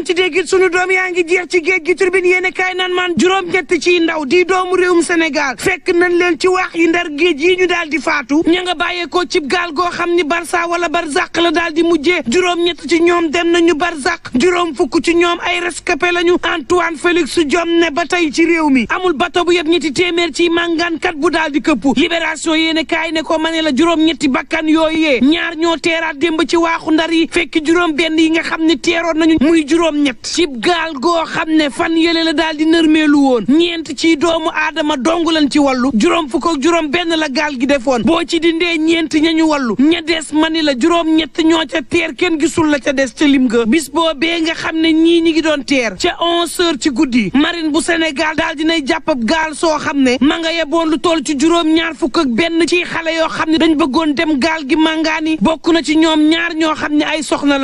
man ci déggit doom yaa ngi jeex ci géej gi turbine yéen a kaay nan man juróom-ñett ciy ndaw di doomu réewum Sénégal fekk nañ leen ci wax yu ndar géej yi ñu daal di faatu ña bàyyeekoo cib gaal goo xam ni barsa wala barzak la daal di mujjee juróom-ñett ci ñoom dem nañu barzak juróom fukk ci ñoom ay rescapé lañu Antoine Félix Diome ne ba tey ci réew mi amul bato bu yëpp ñetti téeméer ci màngaankat bu daal di këpp libération yéen kaay ne ko ma ne la juróom-ñetti bakkan yooyu ñaar ñoo teeraat démb ci waaxu ndar yi fekk juróom benn yi nga xam ni teeroon nañu muy juróom juróom-ñett ci gaal goo xam ne fan yële la daal di nërmeelu woon ñeent ci doomu aadama dong lan ci wàllu juróom fukk ak juróom benn la gaal gi defoon boo ci dindee ñeent ñañu wallu ña des ni la juróom-ñett ñoo ca teer kenn gisul la ca des ca lim ga bis boobee nga xam ne ñii ñi ngi doon teer ca onze heures ci guddi marine bu senegal daal dinay jàpp gaal soo xam ne ma nga yeboon lu toll ci juróom-ñaar fukk ak benn ci xale yoo xam ne dañ bëggoon dem gaal gi màngaani bokk na ci ñoom ñaar ñoo xam ne ay soxna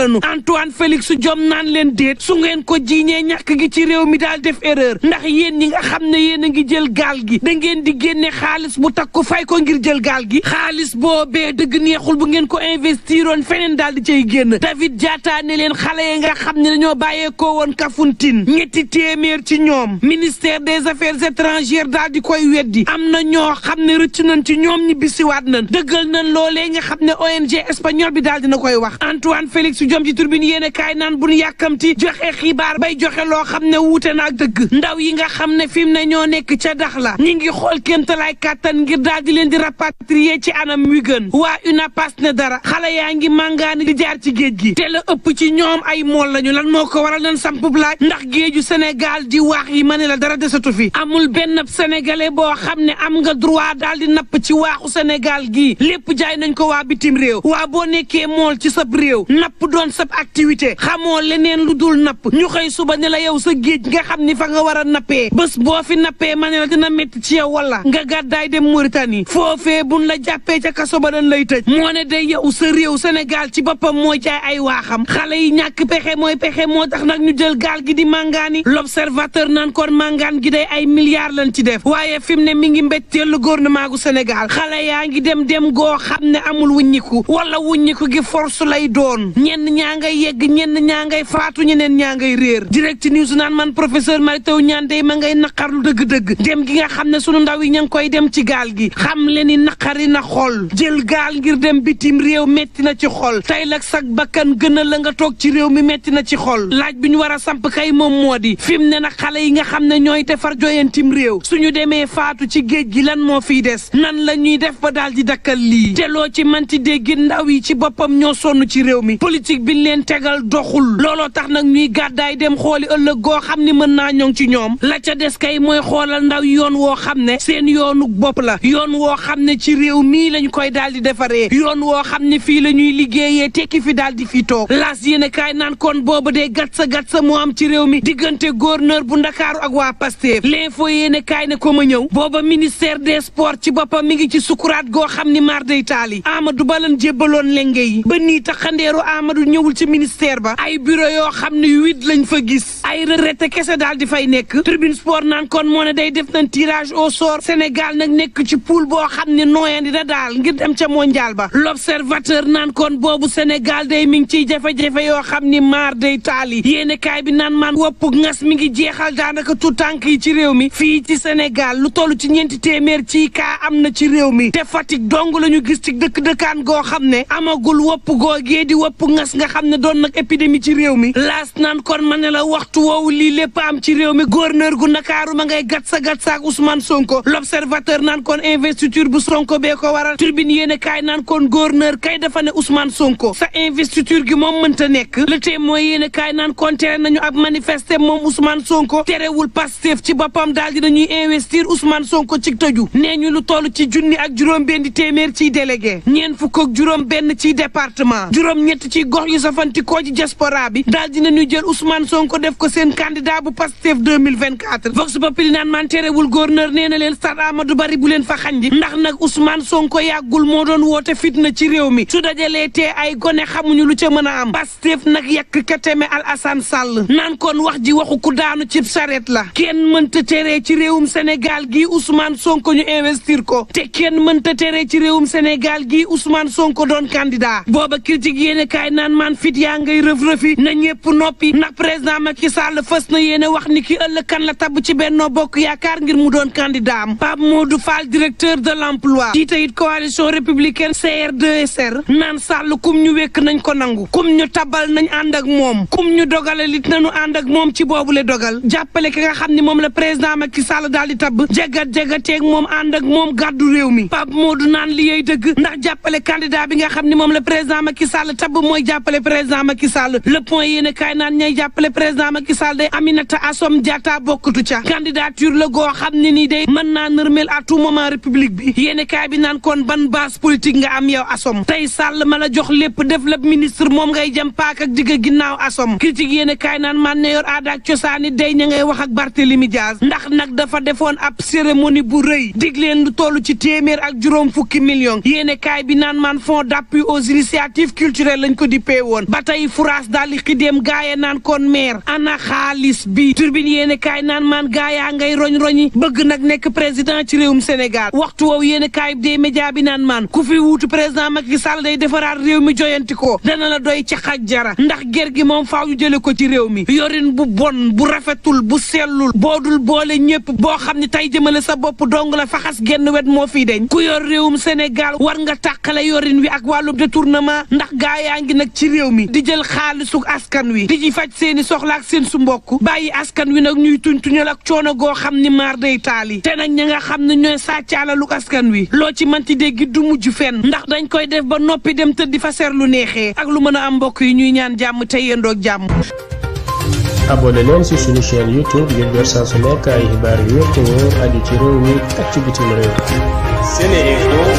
déet su ngeen ko jiiñee ñakk gi ci réew mi daal def erreur ndax yéen ñi nga xam ne yéen a ngi jël gaal gi da ngeen di génne xaalis bu takku fay ko ngir jël gaal gi xaalis boobee dëgg neexul bu ngeen ko investiroon feneen daal di cay génn David Diatta ne leen xale yi nga xam ne dañoo bàyyeekoo woon Kafountine ñetti téeméer ci ñoom ministère des affaires étrangères daal di koy weddi am na ñoo xam ne rëcc nañ ci ñoom ñi bisiwaat nañ dëggal nañ loolee nga xam ne ONG espagnol bi daal dina koy wax Antoine joxe xibaar bay joxe loo xam ne wuute na ak dëgg ndaw yi nga xam ne fi mu ne ñoo nekk ca dax la ñi ngi xool kéemtalaay kàttan ngir daal di leen di rapatrier ci anam wi gën waa UNAPAS ne dara xale yaa ngi màngaani di jaar ci géej gi te la ëpp ci ñoom ay mool lañu lan moo ko waral nan sampub laaj ndax géeju Sénégal di wax yi ma ne la dara desatu fi amul benn sénégalais boo xam ne am nga droit daal napp ci waaxu senegal gii lépp jaay nañ ko waa bitim réew waa boo nekkee mool ci sab réew napp doon activité dul napp ñu xam ni fa nga war a nappee bés boo fi nappee ma ne la dina métti ci yow wala nga gàddaay dem Mauritanie foofee buñ la jàppee ca kaso ba dañ lay tëj moo ne day yow sa réew Sénégal ci boppam mooy ñàkk pexe mooy pexe moo tax nag ñu jël gaal gi di màngaani l'observateur naan kon màngaan gi day ay milliards lañ ci def waaye fi mu ne mi ngi mbetteel lu gouvernement gu Sénégal xale yaa ngi dem dem goo xam ne amul wuññiku wala wuññiku gi force lay doon ñenn ñaa ngay yegg ñenn ñaa ngay faatu ñeneen ñaa ngay réer direct news naan man professeur Mary Teuw Niane day ma ngay naqarlu dëgg-dëgg dem gi nga xam ne sunu ndaw yi ña ngi koy dem ci gaal gi xam leen ni naqari na xol jël gaal ngir dem bitim réew metti na ci xol tey lag sag bakkan gën a la nga toog ci réew mi metti na ci xol laaj bi ñu war a samp kay moom moo di fi ne na xale yi nga xam ne ñooy defar joyantim réew suñu demee faatu ci géej gi lan moo fi des nan la ñuy def ba daal di dakkal lii te ci manti dégg ndaw yi ci boppam ñoo sonn ci réew mi politique biñ nag gàddaay dem xooli ëllëg goo xam ni mën naa ñoŋ ci ñoom la ca des kay mooy xoolal ndaw yoon woo xam ne seen yoonu bopp la yoon woo xam ne ci réew mii lañ koy daal di defaree yoon woo xam ne fii la ñuy liggéeyee tekki fi daal di fi toog laas yéene kaay naan kon booba dee gat sa gat sa mu am ci réew mi diggante gouverneur bu ndakaaru ak waa Pastef l'info yéene kaay ne ko ma ñëw booba ministère des sports ci boppam mi ngi ci sukuraat goo xam ni mar day taali Amadou Ba lan jébbaloon lenge yi ba nii taxandeeru Amadou ñëwul ci ministère ba ay bureau xam ne huit lañ fa gis ay retraité kese daal di fay nekk tribune sport naan kon moo ne day def nañ tirage au sort Sénégal nag nekk ci poule boo xam ne nooyandi na daal ngir dem ca mondial ba l'observateur naan kon boobu Sénégal day mi ngi ciy jafe-jafe yoo xam ni maar day taali yi yéene bi naan maan wopp ngas mi ngi jeexal daanaka tout tànk yi ci réew mi fii ci senegaal lu toll ci ñeenti téeméer ci kaa am na ci réew mi te Fatick dong la ñu gis ci dëkk-dëkkaan goo xam ne amagul wopp googee di wopp ngas nga xam ne doon nag ci réew mi las naan kon ma ne la waxtu woowu lii lépp am ci réew mi gouverneur gu Ndakaaru ma ngay gat sa gat saak Ousmane Sonko l'observateur naan kon investiture bu Sonko bee ko waral turbine yéene kaay naan kon gouverneur kay dafa ne Ousmane Sonko sa investiture gi moom mënta nekk le témoin yéene kaay naan kon tere nañu ab manifester moom Ousmane Sonko terewul Pastef ci boppam daal dinañuy investir Ousmane Sonko ci tëju nee ñu lu toll ci junni ak juróom benn téeméer ciy délégué ñeent fukk ak juróom benn ciy département juróom ci gox yu safanti koo ci diaspora ñu jël Ousmane Sonko def ko seen candidat bu Pastef 2024 Vox Populi naan man terewul gouverneur nee na leen stade Amadou Barry bu leen fa xandi ndax nag Ousmane Sonko yàggul moo doon woote fitna ci réew mi su dajalee te ay gone xamuñu lu ca mën a am Pastef nag yàq kateme Alassane Sall naan kon wax ji waxu ku daanu ci sareet la kenn mënta teree ci réewum Sénégal gi Ousmane Sonko ñu investir ko te kenn mënta teree ci réewum senegal gi Ousmane Sonko doon candidat booba noppi ndax président Macky Sall fës na yéene wax ni ki ëllëg kan la tabb ci Benno Bokk Yaakaar ngir mu doon candidat am Pape Modou Fall directeur de l'emploi jiite it coalition républicaine CRD-SR naan sàll kum ñu wekk nañ ko nangu kum ñu tabal nañu ànd ak moom kum ñu dogale lit nañu ànd ak moom ci boobule dogal jàppale ki nga xam ni moom la président Macky Sall daal di tabb jagat jagateeg moom ànd ak moom gàddu réew mi Pape Modou naan li yey dëgg ndax jàppale candidat bi nga xam ni moom la président Macky Sall tabb mooy jàppale président Macky Sall le point kaay naan ñay jàppale président Macky Sall day Aminata Assome Diatta bokkatu ca candidature la goo xam ne nii day mën naa nërmeel à tout moment république bi yéen kaay bi kon ban base politique nga am yow Assome Sall ma jox lépp def la ministre moom ngay jëm paak ak digg ginnaaw Assome critique yéen kaay naan man ne yor cosaani day ña ngay wax ak Barthélemy Diaz ndax nag dafa defoon ab cérémonie bu rëy dig leen lu toll ci téeméer ak juróom fukki millions yéen kaay bi naan man fonds d'appui aux initiatives culturelles lañ ko di pee woon ba tey France daal di xidéem gaaya naan kon maire ana xaalis bi turbine yéen kaay naan maan yaa ngay roñ-roñi bëgg nag nekk président ci réewum Sénégal waxtu woow yéen kaay des média bi naan maan ku fi wuutu président Macky Sall day defaraat réew mi joyanti ko dana la doy ci xaj jara ndax ger gi moom faaw ñu jële ko ci réew mi yorin bu bon bu rafetul bu sellul dul boole ñëpp boo xam ni tey jëmale sa bopp dong la faxas genn wet moo fii deñ ku yor réewum Sénégal war nga tàqale yorin wi ak wàllum détournement ndax gaayaa ngi nag ci réew mi di jël xaalisuk askan wi yi di ji faj seeni i soxla ak seen su mbokk bàyyi askan wi nag ñuy tuñ tuñal ak coono goo xam ni maar day taal yi te nag ñi nga xam ne ñooy sàccaalaluk askan wi loo ci manti dégg du mujj fenn ndax dañ koy def ba noppi dem tëddi fa seer lu neexee ak lu mën a am mbokk yi ñuy ñaan jàmm te yendoog jàmm abonné leen ci suñu chaîne youtube ngir jot saa su nekk ay xibaar yu wér te wóor ci réew mi ak ci bitim réew